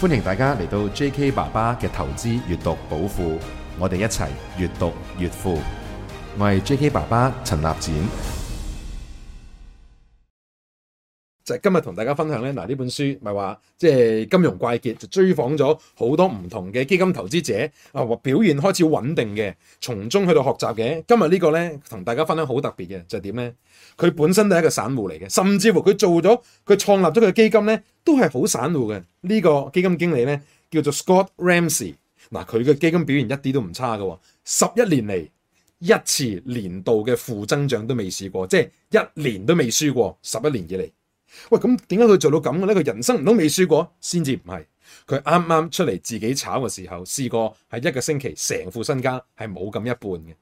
歡迎大家嚟到 J.K. 爸爸嘅投資閱讀寶庫，我哋一齊閱讀越富。我係 J.K. 爸爸陳立展。就今日同大家分享咧，嗱，呢本書咪話即係金融怪傑，就追訪咗好多唔同嘅基金投資者啊，或、呃、表現開始穩定嘅，從中去到學習嘅。今日呢個咧同大家分享好特別嘅就係點咧？佢本身都係一個散戶嚟嘅，甚至乎佢做咗，佢創立咗佢嘅基金咧，都係好散戶嘅。呢、這個基金經理咧叫做 Scott Ramsey，嗱、呃、佢嘅基金表現一啲都唔差㗎、哦，十一年嚟一次年度嘅負增長都未試過，即係一年都未輸過，十一年以嚟。喂，咁點解佢做到咁嘅咧？佢人生唔通未輸過先至唔係，佢啱啱出嚟自己炒嘅時候，試過係一個星期成副身家係冇咁一半嘅。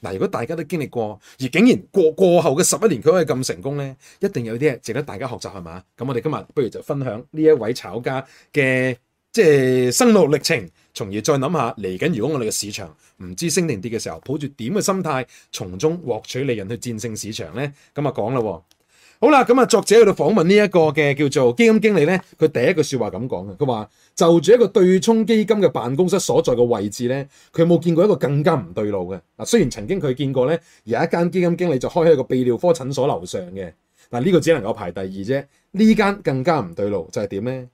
嗱，如果大家都經歷過，而竟然過過後嘅十一年佢可以咁成功咧，一定有啲嘢值得大家學習係嘛？咁我哋今日不如就分享呢一位炒家嘅即係生路歷程，從而再諗下嚟緊如果我哋嘅市場唔知升定跌嘅時候，抱住點嘅心態從中獲取利潤去戰勝市場咧？咁就講啦。好啦，咁啊，作者去到訪問呢、這、一個嘅叫做基金經理咧，佢第一句説話咁講嘅，佢話就住一個對沖基金嘅辦公室所在嘅位置咧，佢冇見過一個更加唔對路嘅嗱。雖然曾經佢見過咧，有一間基金經理就開喺個泌尿科診所樓上嘅，嗱，呢個只能夠排第二啫。呢間更加唔對路就係點咧？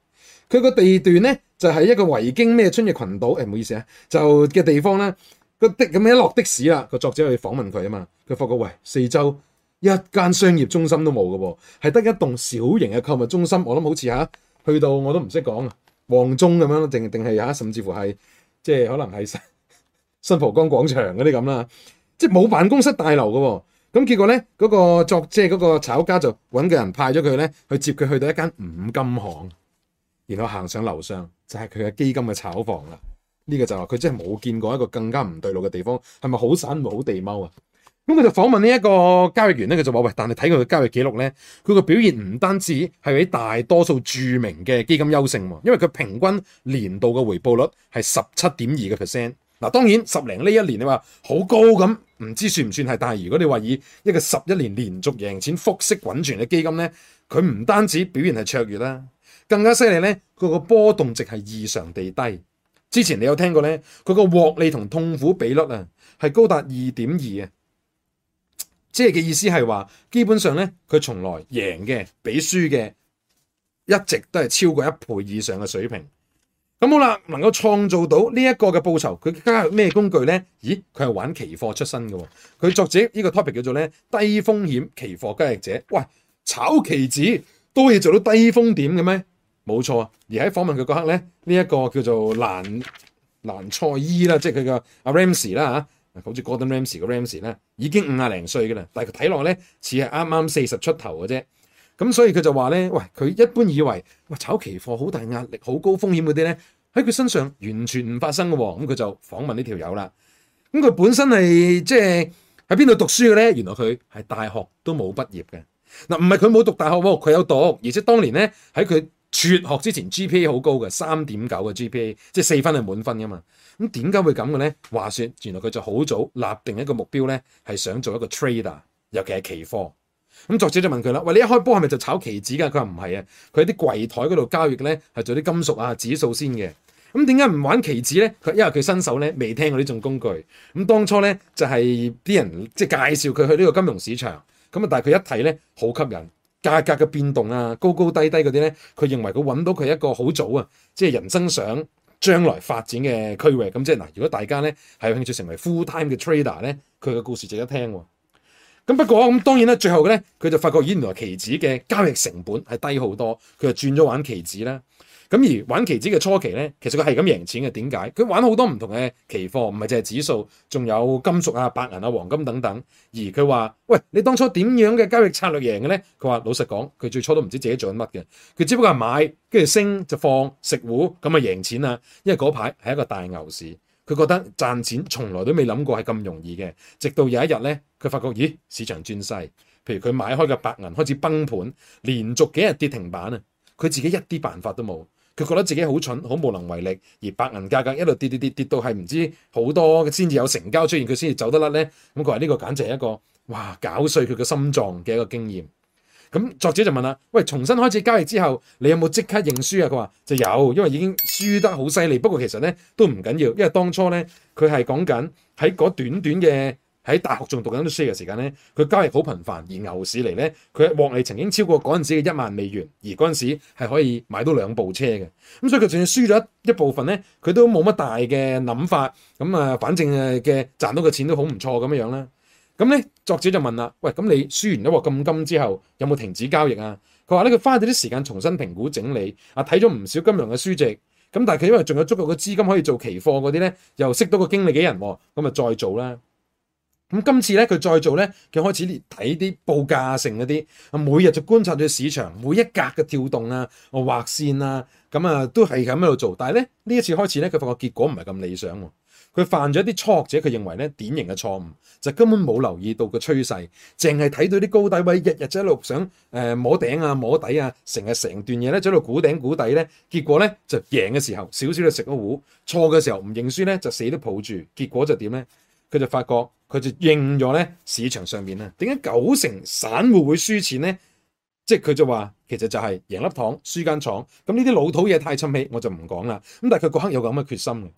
佢個地段咧就係、是、一個維京咩村嘅羣島，唔、哎、好意思啊！就嘅地方咧，個的咁樣一落的士啦，個作者去訪問佢啊嘛，佢發覺喂，四周。一間商業中心都冇嘅，係得一棟小型嘅購物中心。我諗好似吓去到我都唔識講啊，旺中咁樣定定係吓甚至乎係即係可能係新新蒲崗廣場嗰啲咁啦，即係冇辦公室大樓嘅。咁結果咧，嗰個作即係嗰個炒家就揾個人派咗佢咧去接佢去到一間五金行，然後行上樓上就係佢嘅基金嘅炒房啦。呢個就話佢真係冇見過一個更加唔對路嘅地方，係咪好散、冇地踎啊？咁佢就訪問呢一個交易員咧，佢就話：喂，但係睇佢嘅交易記錄咧，佢個表現唔單止係比大多數著名嘅基金優勝喎，因為佢平均年度嘅回報率係十七點二個 percent。嗱，當然十零呢一年你話好高咁，唔知算唔算係？但係如果你話以一個十一年連續贏錢複息滾存嘅基金咧，佢唔單止表現係卓越啦，更加犀利咧，佢個波動值係異常地低。之前你有聽過咧，佢個獲利同痛苦比率啊係高達二點二啊。即係嘅意思係話，基本上咧，佢從來贏嘅比輸嘅一直都係超過一倍以上嘅水平。咁好啦，能夠創造到呢一個嘅報酬，佢加入咩工具咧？咦，佢係玩期貨出身嘅。佢作者呢個 topic 叫做咧低風險期貨交易者。喂，炒期指都可以做到低風險嘅咩？冇錯啊。而喺訪問佢嗰刻咧，呢、這、一個叫做蘭蘭賽伊啦，即係佢嘅阿 Ramsey 啦、啊、嚇。好似 Gordon Ramsay 個 Ramsay 咧，已經五廿零歲嘅啦，但係佢睇落咧似係啱啱四十出頭嘅啫。咁所以佢就話咧：，喂，佢一般以為，喂，炒期貨好大壓力、好高風險嗰啲咧，喺佢身上完全唔發生嘅喎。咁佢就訪問呢條友啦。咁佢本身係即係喺邊度讀書嘅咧？原來佢係大學都冇畢業嘅。嗱，唔係佢冇讀大學喎，佢有讀，而且當年咧喺佢輟學之前，GPA 好高嘅，三點九嘅 GPA，即係四分係滿分嘅嘛。咁點解會咁嘅咧？話說原來佢就好早立定一個目標咧，係想做一個 trader，尤其係期貨。咁、嗯、作者就問佢啦：，喂，你一開波係咪就炒期指㗎？佢話唔係啊，佢喺啲櫃台嗰度交易咧，係做啲金屬啊、指數先嘅。咁點解唔玩期指咧？佢因為佢新手咧，未聽過呢種工具。咁、嗯、當初咧就係、是、啲人即係介紹佢去呢個金融市場。咁啊，但係佢一睇咧好吸引，價格嘅變動啊，高高低低嗰啲咧，佢認為佢揾到佢一個好早啊，即係人生想，將來發展嘅區域，咁即係嗱，如果大家咧係有興趣成為 full time 嘅 trader 咧，佢嘅故事值得聽啊。咁不過咁當然啦，最後嘅咧佢就發覺原來期指嘅交易成本係低好多，佢就轉咗玩期指啦。咁而玩期指嘅初期咧，其實佢係咁贏錢嘅。點解？佢玩好多唔同嘅期貨，唔係淨係指數，仲有金屬啊、白銀啊、黃金等等。而佢話：「喂，你當初點樣嘅交易策略贏嘅咧？佢話：老實講，佢最初都唔知自己做緊乜嘅。佢只不過係買，跟住升就放食糊，咁啊贏錢啊。」因為嗰排係一個大牛市，佢覺得賺錢從來都未諗過係咁容易嘅。直到有一日咧，佢發覺咦，市場轉勢，譬如佢買開嘅白銀開始崩盤，連續幾日跌停板啊，佢自己一啲辦法都冇。佢覺得自己好蠢，好無能為力，而白銀價格一路跌跌跌，跌到係唔知好多先至有成交出現，佢先至走得甩呢。咁佢話呢個簡直係一個哇，搞碎佢嘅心臟嘅一個經驗。咁作者就問啦：喂，重新開始交易之後，你有冇即刻認輸啊？佢話就有，因為已經輸得好犀利。不過其實呢都唔緊要，因為當初呢，佢係講緊喺嗰短短嘅。喺大學仲讀緊書嘅時間咧，佢交易好頻繁，而牛市嚟咧，佢獲利曾經超過嗰陣時嘅一萬美元，而嗰陣時係可以買到兩部車嘅。咁所以佢就算輸咗一一部分咧，佢都冇乜大嘅諗法。咁啊，反正嘅賺到嘅錢都好唔錯咁樣樣啦。咁咧，作者就問啦：「喂，咁你輸完咗鑊金金之後，有冇停止交易啊？佢話咧，佢花咗啲時間重新評估整理，啊，睇咗唔少金融嘅書籍。咁但係佢因為仲有足夠嘅資金可以做期貨嗰啲咧，又識到個經理嘅人，咁啊再做啦。咁今次咧，佢再做咧，佢開始睇啲報價性嗰啲啊，每日就觀察咗市場，每一格嘅跳動啊，畫線啊，咁啊都係咁喺度做。但係咧呢一次開始咧，佢發覺結果唔係咁理想喎。佢犯咗一啲初學者，佢認為咧典型嘅錯誤，就根本冇留意到個趨勢，淨係睇到啲高低位，日日就喺度想誒、呃、摸頂啊摸底啊，成日成段嘢咧喺度估頂估底咧，結果咧就贏嘅時候少少就食咗糊，錯嘅時候唔認輸咧就死都抱住，結果就點咧？佢就發覺，佢就認咗咧市場上面啊，點解九成散戶會輸錢咧？即係佢就話，其實就係贏粒糖，輸間廠。咁呢啲老土嘢太陳氣，我就唔講啦。咁但係佢嗰刻有咁嘅決心，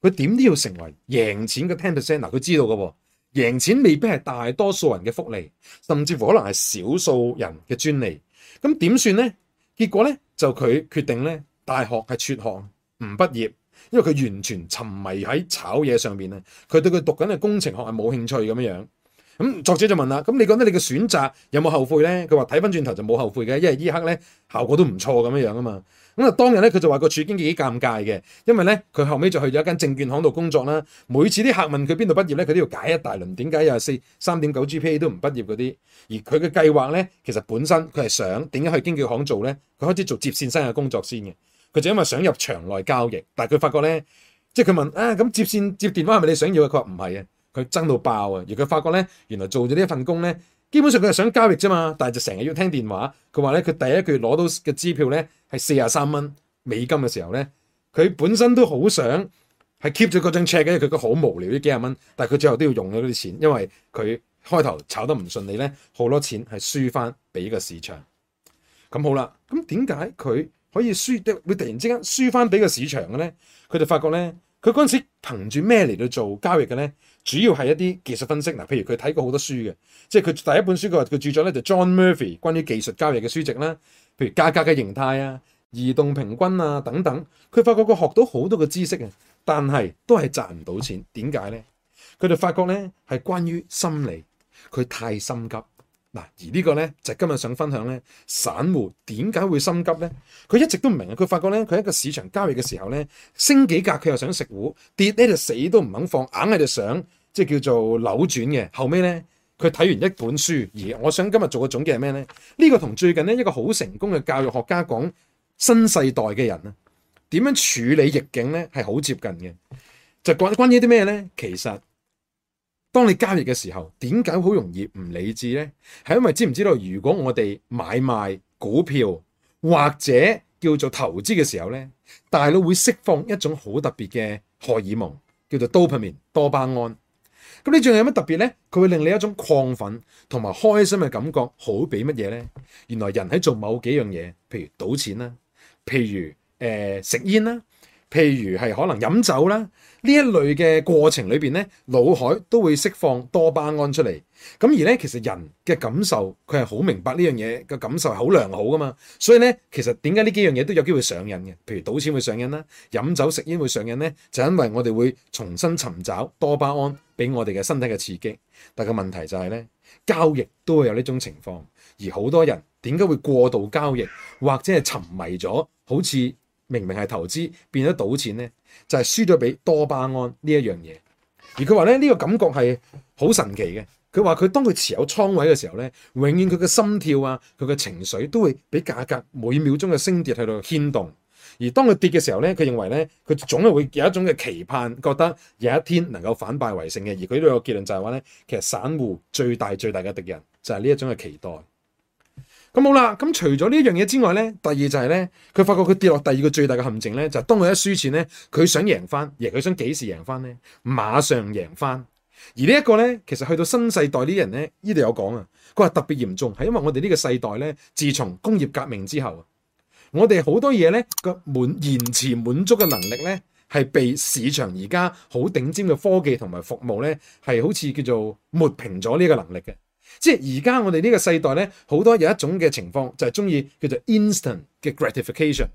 佢點都要成為贏錢嘅10%嗱，佢知道嘅喎，贏錢未必係大多數人嘅福利，甚至乎可能係少數人嘅專利。咁點算咧？結果咧就佢決定咧，大學係輟學唔畢業。因為佢完全沉迷喺炒嘢上面，啊，佢對佢讀緊嘅工程學係冇興趣咁樣樣。咁作者就問啦，咁你覺得你嘅選擇有冇後悔咧？佢話睇翻轉頭就冇後悔嘅，因為呢刻咧效果都唔錯咁樣樣啊嘛。咁啊當日咧佢就話個處經紀幾尷尬嘅，因為咧佢後尾就去咗一間證券行度工作啦。每次啲客問佢邊度畢業咧，佢都要解一大輪點解又係四三點九 GPA 都唔畢業嗰啲。而佢嘅計劃咧，其實本身佢係想點樣去經紀行做咧？佢開始做接線生嘅工作先嘅。佢就因為想入場內交易，但係佢發覺咧，即係佢問啊，咁接線接電話係咪你想要啊？佢話唔係啊，佢爭到爆啊！而佢發覺咧，原來做咗呢一份工咧，基本上佢係想交易啫嘛，但係就成日要聽電話。佢話咧，佢第一個月攞到嘅支票咧係四十三蚊美金嘅時候咧，佢本身都好想係 keep 咗嗰張 check 嘅，佢覺得好無聊呢幾廿蚊，但係佢最後都要用咗嗰啲錢，因為佢開頭炒得唔順利咧，好多錢係輸翻俾個市場。咁好啦，咁點解佢可以輸，會突然之間輸翻俾個市場嘅咧，佢就發覺咧，佢嗰陣時憑住咩嚟到做交易嘅咧？主要係一啲技術分析嗱，譬如佢睇過好多書嘅，即係佢第一本書佢話佢著作咧就 John Murphy 關於技術交易嘅書籍啦，譬如價格嘅形態啊、移動平均啊等等，佢發覺佢學到好多嘅知識啊，但係都係賺唔到錢，點解咧？佢就發覺咧係關於心理，佢太心急。嗱，而呢個呢，就今日想分享呢散戶點解會心急呢？佢一直都唔明，佢發覺呢，佢喺個市場交易嘅時候呢，升幾格佢又想食糊，跌呢就死都唔肯放，硬喺就想即係叫做扭轉嘅。後尾呢，佢睇完一本書，而我想今日做個總結係咩呢？呢個同最近呢一個好成功嘅教育學家講新世代嘅人呢點樣處理逆境呢？係好接近嘅，就關關於啲咩呢？其實。當你交易嘅時候，點解好容易唔理智呢？係因為知唔知道，如果我哋買賣股票或者叫做投資嘅時候呢，大腦會釋放一種好特別嘅荷爾蒙，叫做 Dopamine（ 多巴胺。咁你仲有乜特別呢？佢會令你一種亢奮同埋開心嘅感覺，好比乜嘢呢？原來人喺做某幾樣嘢，譬如賭錢啦，譬如誒、呃、食煙啦，譬如係可能飲酒啦。呢一類嘅過程裏邊咧，腦海都會釋放多巴胺出嚟。咁而咧，其實人嘅感受佢係好明白呢樣嘢嘅感受係好良好噶嘛。所以咧，其實點解呢幾樣嘢都有機會上癮嘅？譬如賭錢會上癮啦，飲酒食煙會上癮咧，就因為我哋會重新尋找多巴胺俾我哋嘅身體嘅刺激。但個問題就係咧，交易都會有呢種情況。而好多人點解會過度交易或者係沉迷咗？好似明明係投資變咗賭錢咧，就係輸咗俾多巴胺呢一樣嘢。而佢話咧，呢個感覺係好神奇嘅。佢話佢當佢持有倉位嘅時候咧，永遠佢嘅心跳啊，佢嘅情緒都會俾價格每秒鐘嘅升跌喺度牽動。而當佢跌嘅時候咧，佢認為咧，佢總係會有一種嘅期盼，覺得有一天能夠反敗為勝嘅。而佢呢個結論就係話咧，其實散戶最大最大嘅敵人就係呢一種嘅期待。咁好啦，咁除咗呢一樣嘢之外咧，第二就係咧，佢發覺佢跌落第二個最大嘅陷阱咧，就係當佢一輸錢咧，佢想贏翻，而佢想幾時贏翻咧？馬上贏翻。而呢一個咧，其實去到新世代啲人咧，呢度有講啊，佢話特別嚴重係因為我哋呢個世代咧，自從工業革命之後，我哋好多嘢咧個滿延遲滿足嘅能力咧，係被市場而家好頂尖嘅科技同埋服務咧，係好似叫做抹平咗呢個能力嘅。即係而家我哋呢個世代咧，好多有一種嘅情況就係中意叫做 instant 嘅 gratification，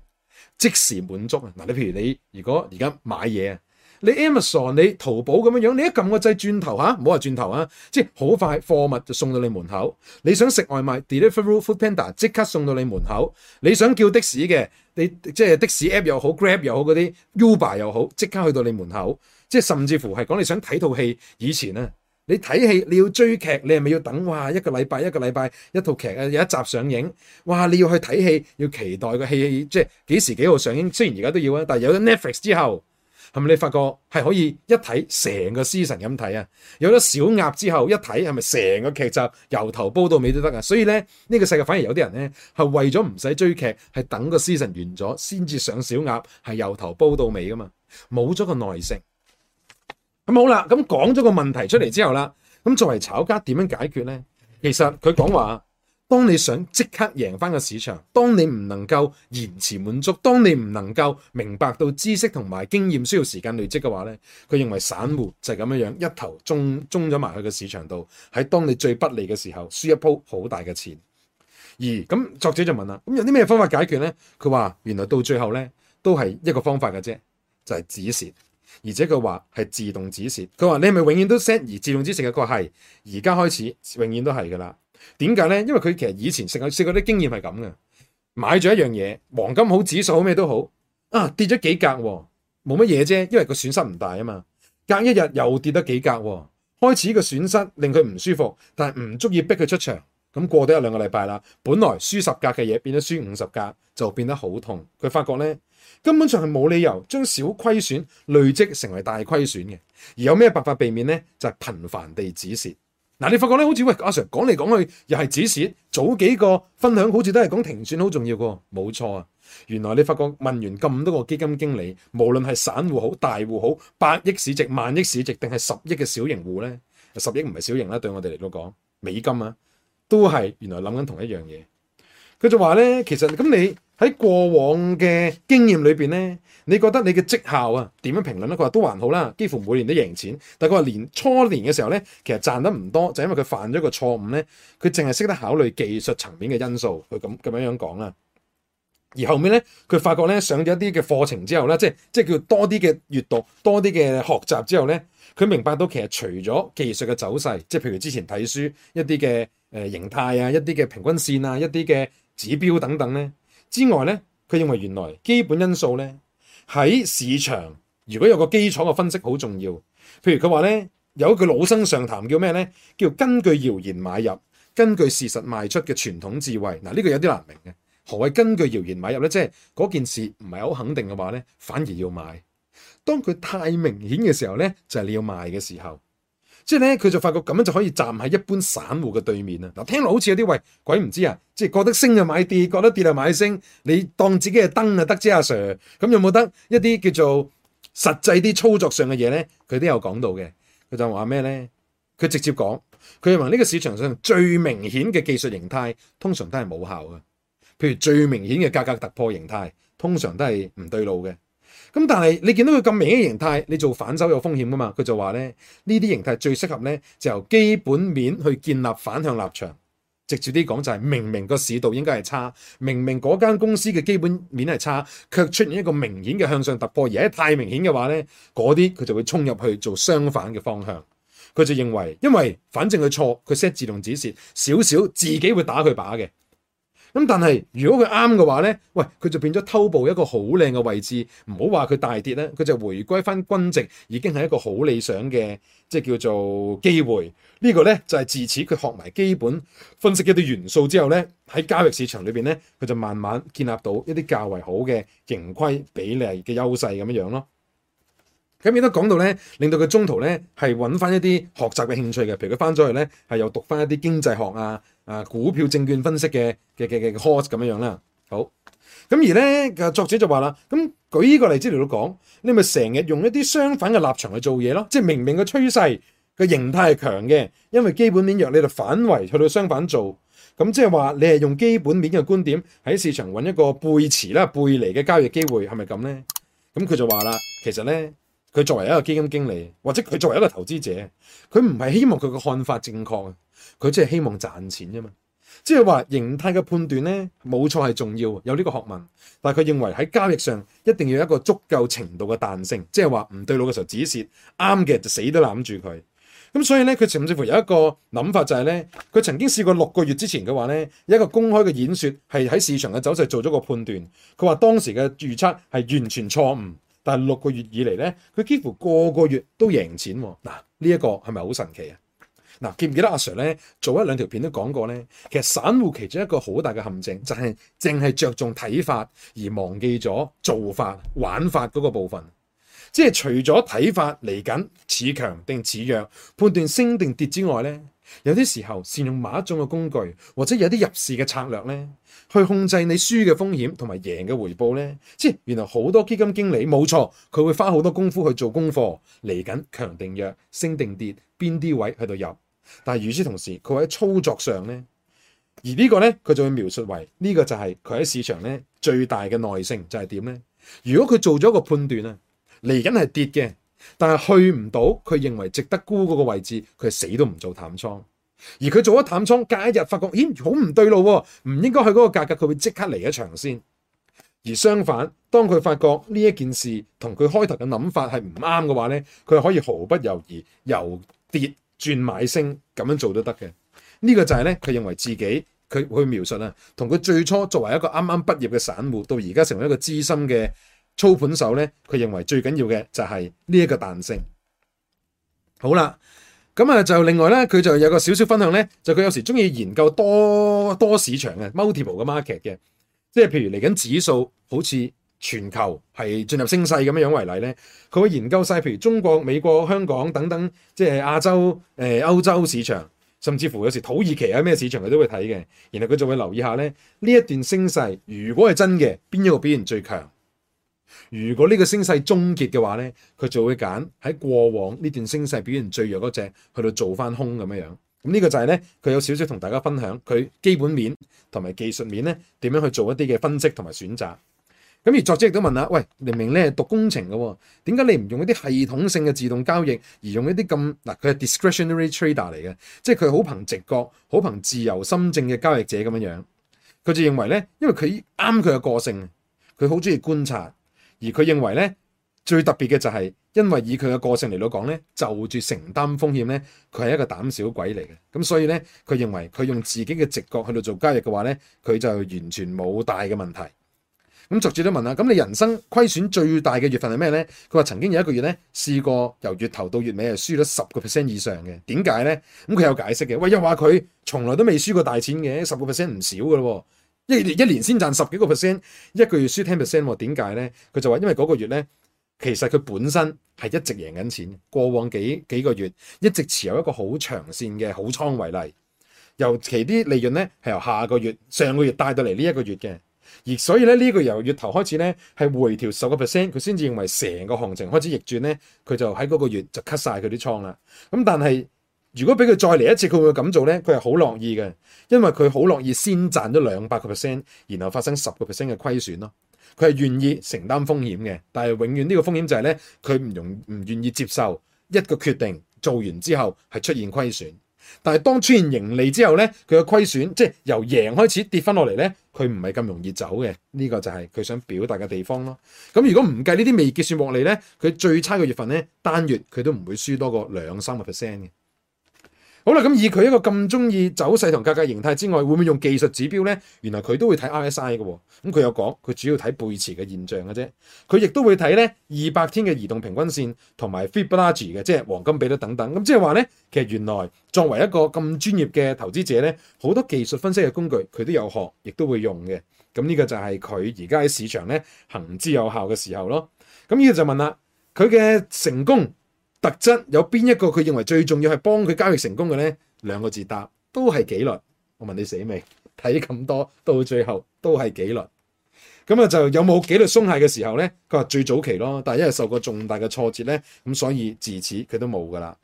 即時滿足啊！嗱，你譬如你如果而家買嘢啊，你 Amazon、你淘寶咁樣樣，你一撳個掣轉頭吓，唔好話轉頭啊，即係好快貨物就送到你門口。你想食外賣，delivery food panda 即刻送到你門口。你想叫的士嘅，你即係的士 app 又好，Grab 又好，嗰啲 Uber 又好，好即刻去到你門口。即係甚至乎係講你想睇套戲，以前咧啊。你睇戲，你要追劇，你係咪要等？哇，一個禮拜一個禮拜一套劇啊，有一,一集上映，哇！你要去睇戲，要期待個戲，即係幾時幾號上映？雖然而家都要啊，但係有咗 Netflix 之後，係咪你發覺係可以一睇成個 season 咁睇啊？有咗小鴨之後一睇係咪成個劇集由頭煲到尾都得啊？所以咧呢、呢個世界反而有啲人咧係為咗唔使追劇，係等個 season 完咗先至上小鴨，係由頭煲到尾噶嘛，冇咗個耐性。咁、嗯、好啦，咁講咗個問題出嚟之後啦，咁作為炒家點樣解決呢？其實佢講話，當你想即刻贏翻個市場，當你唔能夠延遲滿足，當你唔能夠明白到知識同埋經驗需要時間累積嘅話呢，佢認為散戶就係咁樣樣，一頭中中咗埋去個市場度，喺當你最不利嘅時候，輸一鋪好大嘅錢。而咁作者就問啦，咁有啲咩方法解決呢？佢話原來到最後呢，都係一個方法嘅啫，就係止蝕。而且佢話係自動止蝕，佢話你係咪永遠都 set 而自動止蝕嘅？佢話係，而家開始永遠都係嘅啦。點解咧？因為佢其實以前食過試啲經驗係咁嘅，買咗一樣嘢，黃金好、指數好咩都好啊，跌咗幾格、哦，冇乜嘢啫，因為個損失唔大啊嘛。隔一日又跌得幾格、哦，開始個損失令佢唔舒服，但係唔足以逼佢出場。咁過咗一兩個禮拜啦，本來輸十格嘅嘢變咗輸五十格，就變得好痛。佢發覺咧。根本上係冇理由將小虧損累積成為大虧損嘅，而有咩辦法避免呢？就係、是、頻繁地止蝕。嗱、啊，你發覺咧，好似喂阿、啊、Sir 講嚟講去又係止蝕。早幾個分享好似都係講停損好重要噶，冇錯啊。原來你發覺問完咁多個基金經理，無論係散戶好、大戶好、百億市值、萬億市值定係十億嘅小型戶呢？十億唔係小型啦，對我哋嚟到講，美金啊，都係原來諗緊同一樣嘢。佢就話咧，其實咁你喺過往嘅經驗裏邊咧，你覺得你嘅績效啊點樣評論咧？佢話都還好啦，幾乎每年都贏錢。但係佢話年初年嘅時候咧，其實賺得唔多，就因為佢犯咗個錯誤咧，佢淨係識得考慮技術層面嘅因素，佢咁咁樣樣講啦。而後面咧，佢發覺咧上咗一啲嘅課程之後咧，即係即係叫多啲嘅閱讀、多啲嘅學習之後咧，佢明白到其實除咗技術嘅走勢，即係譬如之前睇書一啲嘅誒形態啊、一啲嘅、呃、平均線啊、一啲嘅。指標等等咧之外咧，佢認為原來基本因素咧喺市場，如果有個基礎嘅分析好重要。譬如佢話咧有一句老生常談叫咩咧？叫根據謠言買入，根據事實賣出嘅傳統智慧。嗱呢個有啲難明嘅，何謂根據謠言買入咧？即係嗰件事唔係好肯定嘅話咧，反而要買。當佢太明顯嘅時候咧，就係你要賣嘅時候。即係咧，佢就發覺咁樣就可以站喺一般散戶嘅對面啊！嗱，聽落好似有啲喂鬼唔知啊！即係覺得升就買跌，覺得跌就買升，你當自己係燈啊得知阿 Sir？咁有冇得一啲叫做實際啲操作上嘅嘢咧？佢都有講到嘅。佢就話咩咧？佢直接講，佢認為呢個市場上最明顯嘅技術形態，通常都係冇效嘅。譬如最明顯嘅價格突破形態，通常都係唔對路嘅。咁但係你見到佢咁明顯嘅形態，你做反手有風險㗎嘛？佢就話咧，呢啲形態最適合咧就由基本面去建立反向立場。直接啲講就係明明個市道應該係差，明明嗰間公司嘅基本面係差，卻出現一個明顯嘅向上突破。而係太明顯嘅話咧，嗰啲佢就會衝入去做相反嘅方向。佢就認為，因為反正佢錯，佢 set 自動止蝕，少少，自己會打佢把嘅。咁但係如果佢啱嘅話咧，喂，佢就變咗偷步一個好靚嘅位置，唔好話佢大跌咧，佢就回歸翻均值，已經係一個好理想嘅即係叫做機會。這個、呢個咧就係、是、自此佢學埋基本分析一啲元素之後咧，喺交易市場裏邊咧，佢就慢慢建立到一啲較為好嘅盈虧比例嘅優勢咁樣樣咯。咁亦都講到咧，令到佢中途咧係揾翻一啲學習嘅興趣嘅，譬如佢翻咗去咧係又讀翻一啲經濟學啊。啊！股票證券分析嘅嘅嘅嘅 course 咁樣樣啦，好咁而咧嘅作者就話啦，咁舉呢個例子嚟到講，你咪成日用一啲相反嘅立場去做嘢咯，即係明明個趨勢個形態係強嘅，因為基本面弱，你就反圍去到相反做咁，即係話你係用基本面嘅觀點喺市場揾一個背馳啦、背離嘅交易機會係咪咁咧？咁佢就話啦，其實咧。佢作為一個基金經理，或者佢作為一個投資者，佢唔係希望佢個看法正確，佢只係希望賺錢啫嘛。即係話形態嘅判斷呢，冇錯係重要，有呢個學問。但係佢認為喺交易上一定要有一個足夠程度嘅彈性，即係話唔對路嘅時候，止蝕，啱嘅就死都攬住佢。咁所以呢，佢甚至乎有一個諗法就係呢，佢曾經試過六個月之前嘅話呢，有一個公開嘅演說，係喺市場嘅走勢做咗個判斷，佢話當時嘅預測係完全錯誤。但六個月以嚟咧，佢幾乎個個月都贏錢喎、啊。嗱，呢一個係咪好神奇啊？嗱，記唔記得阿 Sir 咧，早一兩條片都講過咧，其實散戶其中一個好大嘅陷阱就係淨係着重睇法而忘記咗做法玩法嗰個部分。即係除咗睇法嚟緊似強定似弱，判斷升定跌之外咧，有啲時候善用某一種嘅工具，或者有啲入市嘅策略咧，去控制你輸嘅風險同埋贏嘅回報咧。即係原來好多基金經理冇錯，佢會花好多功夫去做功課，嚟緊強定弱、升定跌，邊啲位去到入。但係與此同時，佢喺操作上咧，而呢個咧佢就會描述為呢個就係佢喺市場咧最大嘅耐性就係點咧？如果佢做咗個判斷啊，嚟緊係跌嘅，但係去唔到，佢認為值得沽嗰個位置，佢死都唔做淡倉。而佢做咗淡倉，隔一日發覺，咦，好唔對路喎、哦，唔應該去嗰個價格,格，佢會即刻嚟一場先。而相反，當佢發覺呢一件事同佢開頭嘅諗法係唔啱嘅話，呢佢可以毫不猶豫由跌轉買升咁樣做都得嘅。呢、這個就係呢，佢認為自己佢去描述啦，同佢最初作為一個啱啱畢業嘅散戶，到而家成為一個資深嘅。操盤手咧，佢認為最緊要嘅就係呢一個彈性。好啦，咁啊就另外咧，佢就有個少少分享咧，就佢有時中意研究多多市場嘅 multiple 嘅 market 嘅，即係譬如嚟緊指數，好似全球係進入升勢咁樣樣為例咧，佢會研究晒，譬如中國、美國、香港等等，即係亞洲、誒、呃、歐洲市場，甚至乎有時土耳其喺咩市場佢都會睇嘅。然後佢就會留意下咧，呢一段升勢如果係真嘅，邊一個表現最強？如果呢個升勢終結嘅話呢，佢就會揀喺，過往呢段升勢表現最弱嗰隻去到做翻空咁樣樣。咁、這、呢個就係呢，佢有少少同大家分享佢，基本面同埋技術面呢，點樣去做一啲嘅分析同埋選擇。咁而作者亦都問啦：喂，明明呢讀工程嘅，點解你唔用一啲系統性嘅自動交易，而用一啲咁嗱？佢、呃、係 discretionary trader 嚟嘅，即係佢好憑直覺、好憑自由心證嘅交易者咁樣樣。佢就認為呢，因為佢啱佢嘅個性，佢好中意觀察。而佢認為咧，最特別嘅就係因為以佢嘅個性嚟到講咧， 就住承擔風險咧，佢係一個膽小鬼嚟嘅。咁所以咧，佢認為佢用自己嘅直覺去到做交易嘅話咧，佢就完全冇大嘅問題。咁作者都問啦，咁你人生虧損最大嘅月份係咩咧？佢話曾經有一個月咧，試過由月頭到月尾係輸咗十個 percent 以上嘅。點解咧？咁佢有解釋嘅。喂，又話佢從來都未輸過大錢嘅，十個 percent 唔少噶咯喎。一年一年先賺十幾個 percent，一個月輸 ten percent，點解咧？佢就話，因為嗰個月咧，其實佢本身係一直贏緊錢，過往幾幾個月一直持有一個好長線嘅好倉為例，尤其啲利潤咧係由下個月上個月帶到嚟呢一個月嘅，而所以咧呢、這個由月頭開始咧係回調十個 percent，佢先至認為成個行情開始逆轉咧，佢就喺嗰個月就 cut 晒佢啲倉啦。咁但係。如果俾佢再嚟一次，佢會唔會咁做呢？佢係好樂意嘅，因為佢好樂意先賺咗兩百個 percent，然後發生十個 percent 嘅虧損咯。佢係願意承擔風險嘅，但係永遠呢個風險就係呢：佢唔容唔願意接受一個決定做完之後係出現虧損。但係當出現盈利之後呢，佢嘅虧損即係由贏開始跌翻落嚟呢，佢唔係咁容易走嘅。呢個就係佢想表達嘅地方咯。咁如果唔計呢啲未結算獲利呢，佢最差嘅月份呢，單月佢都唔會輸多過兩三個 percent 嘅。好啦，咁以佢一個咁中意走勢同價格形態之外，會唔會用技術指標呢？原來佢都會睇 RSI 嘅喎、哦，咁佢有講佢主要睇背馳嘅現象嘅啫，佢亦都會睇呢二百天嘅移動平均線同埋 Fibonacci 嘅，ge, 即係黃金比率等等。咁即係話呢，其實原來作為一個咁專業嘅投資者呢，好多技術分析嘅工具佢都有學，亦都會用嘅。咁、這、呢個就係佢而家喺市場呢行之有效嘅時候咯。咁、這、呢個就問啦，佢嘅成功。特質有邊一個佢認為最重要係幫佢交易成功嘅呢？兩個字答都係紀律。我問你死未？睇咁多到最後都係紀律。咁啊就有冇紀律鬆懈嘅時候呢？佢話最早期咯，但係因為受過重大嘅挫折呢，咁所以自此佢都冇噶啦。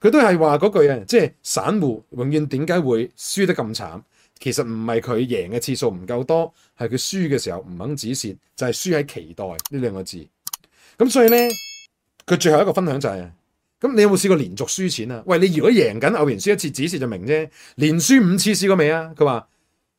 佢都係話嗰句啊，即係散戶永遠點解會輸得咁慘？其實唔係佢贏嘅次數唔夠多，係佢輸嘅時候唔肯止蝕，就係輸喺期待呢兩個字。咁所以呢。佢最後一個分享就係、是，咁你有冇試過連續輸錢啊？喂，你如果贏緊，偶然輸一次，指示就明啫。連輸五次試過未啊？佢話，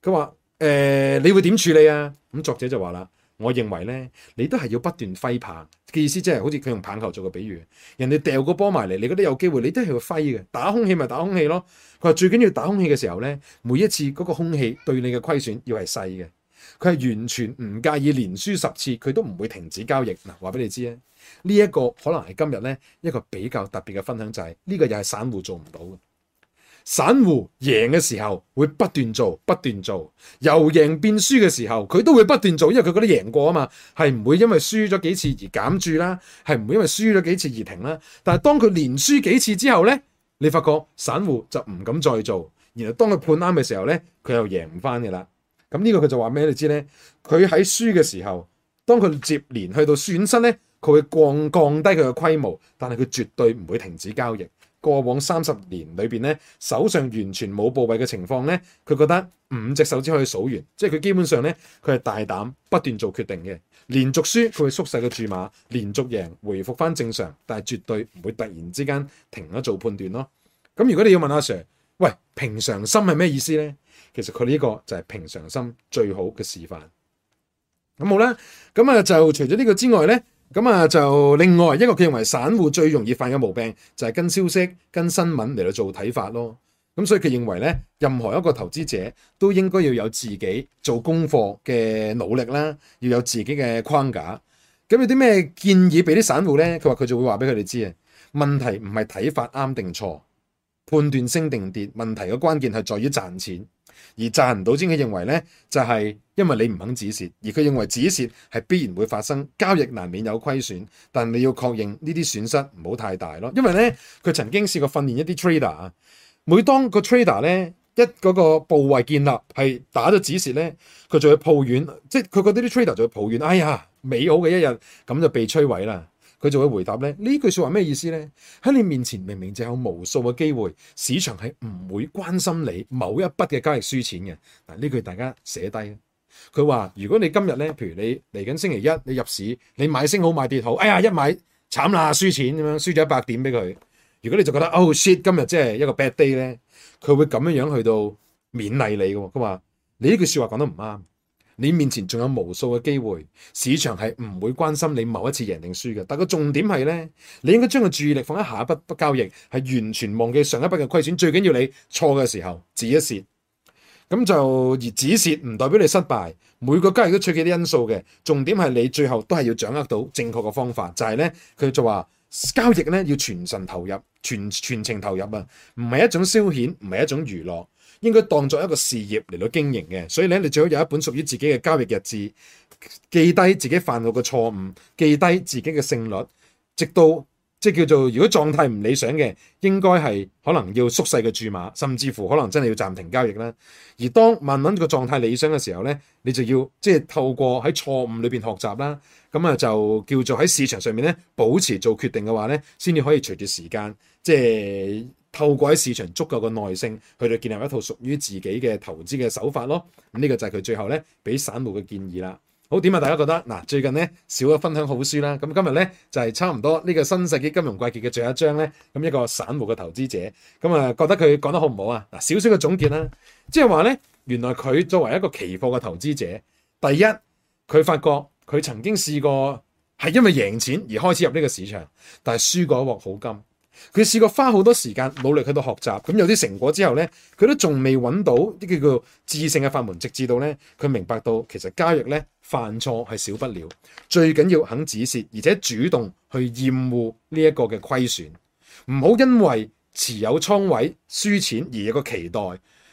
佢話，誒、呃，你會點處理啊？咁、嗯、作者就話啦，我認為呢，你都係要不斷揮棒嘅意思、就是，即係好似佢用棒球做個比喻，人哋掉個波埋嚟，你覺得有機會，你都係要揮嘅，打空氣咪打空氣咯。佢話最緊要打空氣嘅時候呢，每一次嗰個空氣對你嘅虧損要係細嘅，佢係完全唔介意連輸十次，佢都唔會停止交易。嗱，話俾你知啊！呢一個可能係今日呢一個比較特別嘅分享，就係呢個又係散戶做唔到嘅，散戶贏嘅時候會不斷做，不斷做，由贏變輸嘅時候佢都會不斷做，因為佢覺得贏過啊嘛，係唔會因為輸咗幾次而減注啦，係唔會因為輸咗幾次而停啦。但係當佢連輸幾次之後呢，你發覺散戶就唔敢再做，然後當佢判啱嘅時候呢，佢又贏唔翻嘅啦。咁呢個佢就話咩？你知呢，佢喺輸嘅時候，當佢接連去到損失呢。佢會降降低佢嘅規模，但係佢絕對唔會停止交易。過往三十年裏邊咧，手上完全冇部位嘅情況咧，佢覺得五隻手指可以數完，即係佢基本上咧，佢係大膽不斷做決定嘅。連續輸佢會縮細個注碼，連續贏回復返正常，但係絕對唔會突然之間停咗做判斷咯。咁如果你要問阿 Sir，喂，平常心係咩意思咧？其實佢呢個就係平常心最好嘅示範。咁好啦，咁啊就除咗呢個之外咧。咁啊，就另外一個佢認為散戶最容易犯嘅毛病就係跟消息、跟新聞嚟到做睇法咯。咁所以佢認為咧，任何一個投資者都應該要有自己做功課嘅努力啦，要有自己嘅框架。咁有啲咩建議俾啲散戶咧？佢話佢就會話俾佢哋知啊。問題唔係睇法啱定錯。判斷升定跌，問題嘅關鍵係在於賺錢，而賺唔到先，佢認為咧就係、是、因為你唔肯止蝕，而佢認為止蝕係必然會發生，交易難免有虧損，但你要確認呢啲損失唔好太大咯。因為咧，佢曾經試過訓練一啲 trader，每當個 trader 咧一嗰個部位建立係打咗止蝕咧，佢就會抱怨，即係佢覺得啲 trader 就會抱怨：「哎呀，美好嘅一日咁就被摧毀啦。」佢就會回答咧，呢句説話咩意思咧？喺你面前明明就有無數嘅機會，市場係唔會關心你某一筆嘅交易輸錢嘅。嗱，呢句大家寫低。佢話：如果你今日咧，譬如你嚟緊星期一，你入市，你買升好買跌好，哎呀一買慘啦，輸錢咁樣，輸咗一百點俾佢。如果你就覺得 oh shit，今日即係一個 bad day 咧，佢會咁樣樣去到勉勵你嘅。佢話：你呢句説話講得唔啱。你面前仲有無數嘅機會，市場係唔會關心你某一次贏定輸嘅。但個重點係呢：你應該將個注意力放喺下一筆筆交易，係完全忘記上一筆嘅虧損。最緊要你錯嘅時候止蝕，咁就而止蝕唔代表你失敗。每個交易都取決啲因素嘅，重點係你最後都係要掌握到正確嘅方法。就係呢，佢就話交易呢要全神投入、全全程投入啊，唔係一種消遣，唔係一種娛樂。應該當作一個事業嚟到經營嘅，所以咧你最好有一本屬於自己嘅交易日誌，記低自己犯過嘅錯誤，記低自己嘅勝率，直到即係叫做如果狀態唔理想嘅，應該係可能要縮細個注碼，甚至乎可能真係要暫停交易啦。而當慢慢個狀態理想嘅時候咧，你就要即係透過喺錯誤裏邊學習啦，咁啊就叫做喺市場上面咧保持做決定嘅話咧，先至可以隨住時間即係。透過喺市場足夠嘅耐性，佢就建立一套屬於自己嘅投資嘅手法咯。咁呢個就係佢最後咧，俾散戶嘅建議啦。好點啊？大家覺得嗱，最近咧少咗分享好書啦。咁今日咧就係差唔多呢個新世紀金融怪傑嘅最後一章咧。咁一個散戶嘅投資者咁啊，覺得佢講得好唔好啊？嗱，少少嘅總結啦，即係話咧，原來佢作為一個期貨嘅投資者，第一佢發覺佢曾經試過係因為贏錢而開始入呢個市場，但係輸過一鑊好金。佢試過花好多時間努力喺度學習，咁有啲成果之後呢，佢都仲未揾到啲叫叫致勝嘅法門，直至到呢，佢明白到其實交易呢，犯錯係少不了，最緊要肯止蝕，而且主動去厭惡呢一個嘅虧損，唔好因為持有倉位輸錢而有個期待。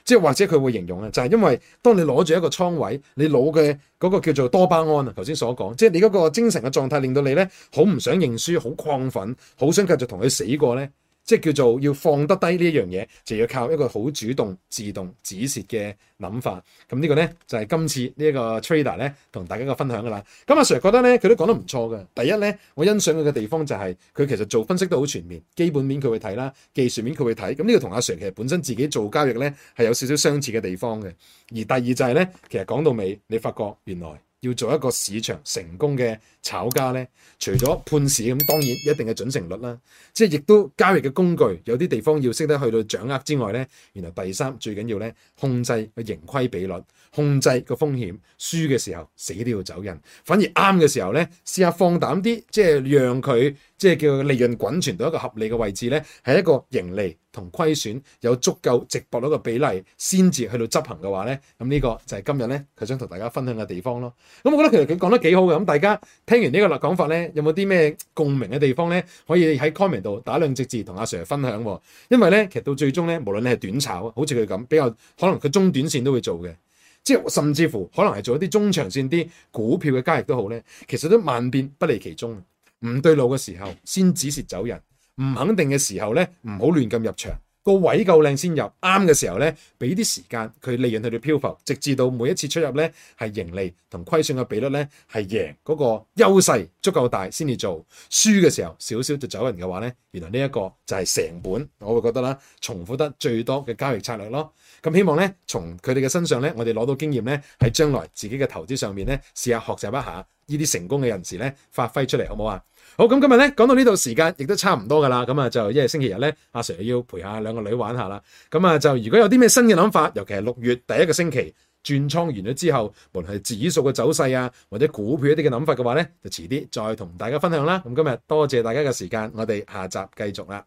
即係或者佢會形容就係因為當你攞住一個倉位，你腦嘅嗰個叫做多巴胺啊，頭先所講，即係你嗰個精神嘅狀態令到你呢，好唔想認輸，好亢奮，好想繼續同佢死過呢。即係叫做要放得低呢一樣嘢，就要靠一個好主動、自動止蝕嘅諗法。咁呢個呢，就係今次呢一個 trader 呢同大家嘅分享㗎啦。咁阿 Sir 覺得呢，佢都講得唔錯嘅。第一呢，我欣賞佢嘅地方就係佢其實做分析都好全面，基本面佢會睇啦，技術面佢會睇。咁呢個同阿 Sir 其實本身自己做交易呢係有少少相似嘅地方嘅。而第二就係呢，其實講到尾，你發覺原來，要做一個市場成功嘅炒家呢，除咗判市咁，當然一定係準成率啦，即係亦都交易嘅工具，有啲地方要識得去到掌握之外呢，原來第三最緊要呢，控制個盈虧比率，控制個風險，輸嘅時候死都要走人，反而啱嘅時候呢，試下放膽啲，即係讓佢。即係叫利潤滾存到一個合理嘅位置咧，係一個盈利同虧損有足夠值博率嘅比例先至去到執行嘅話咧，咁、嗯、呢、呢個就係今日咧佢想同大家分享嘅地方咯。咁、嗯、我覺得其實佢講得幾好嘅，咁大家聽完個呢個講法咧，有冇啲咩共鳴嘅地方咧？可以喺 comment 度打兩隻字同阿 Sir 分享，哦，因為咧其實到最終咧，無論你係短炒，好似佢咁比較可能佢中短線都會做嘅，即係甚至乎可能係做一啲中長線啲股票嘅交易都好咧，其實都萬變不離其宗。唔對路嘅時候先止蝕走人，唔肯定嘅時候呢，唔好亂咁入場，個位夠靚先入，啱嘅時候呢，俾啲時間佢利潤佢哋漂浮，直至到每一次出入呢，係盈利同虧損嘅比率呢，係贏嗰個優勢足夠大先至做，輸嘅時候少少就走人嘅話呢，原來呢一個就係成本，我會覺得啦，重複得最多嘅交易策略咯。咁希望呢，從佢哋嘅身上呢，我哋攞到經驗呢，喺將來自己嘅投資上面呢，試下學習一下呢啲成功嘅人士呢發揮出嚟，好唔好啊？好，咁今日咧，講到呢度時間亦都差唔多噶啦，咁啊就因為星期日咧，阿 Sir 要陪下兩個女玩下啦。咁啊就如果有啲咩新嘅諗法，尤其係六月第一個星期轉倉完咗之後，無論係指數嘅走勢啊，或者股票一啲嘅諗法嘅話咧，就遲啲再同大家分享啦。咁今日多謝大家嘅時間，我哋下集繼續啦。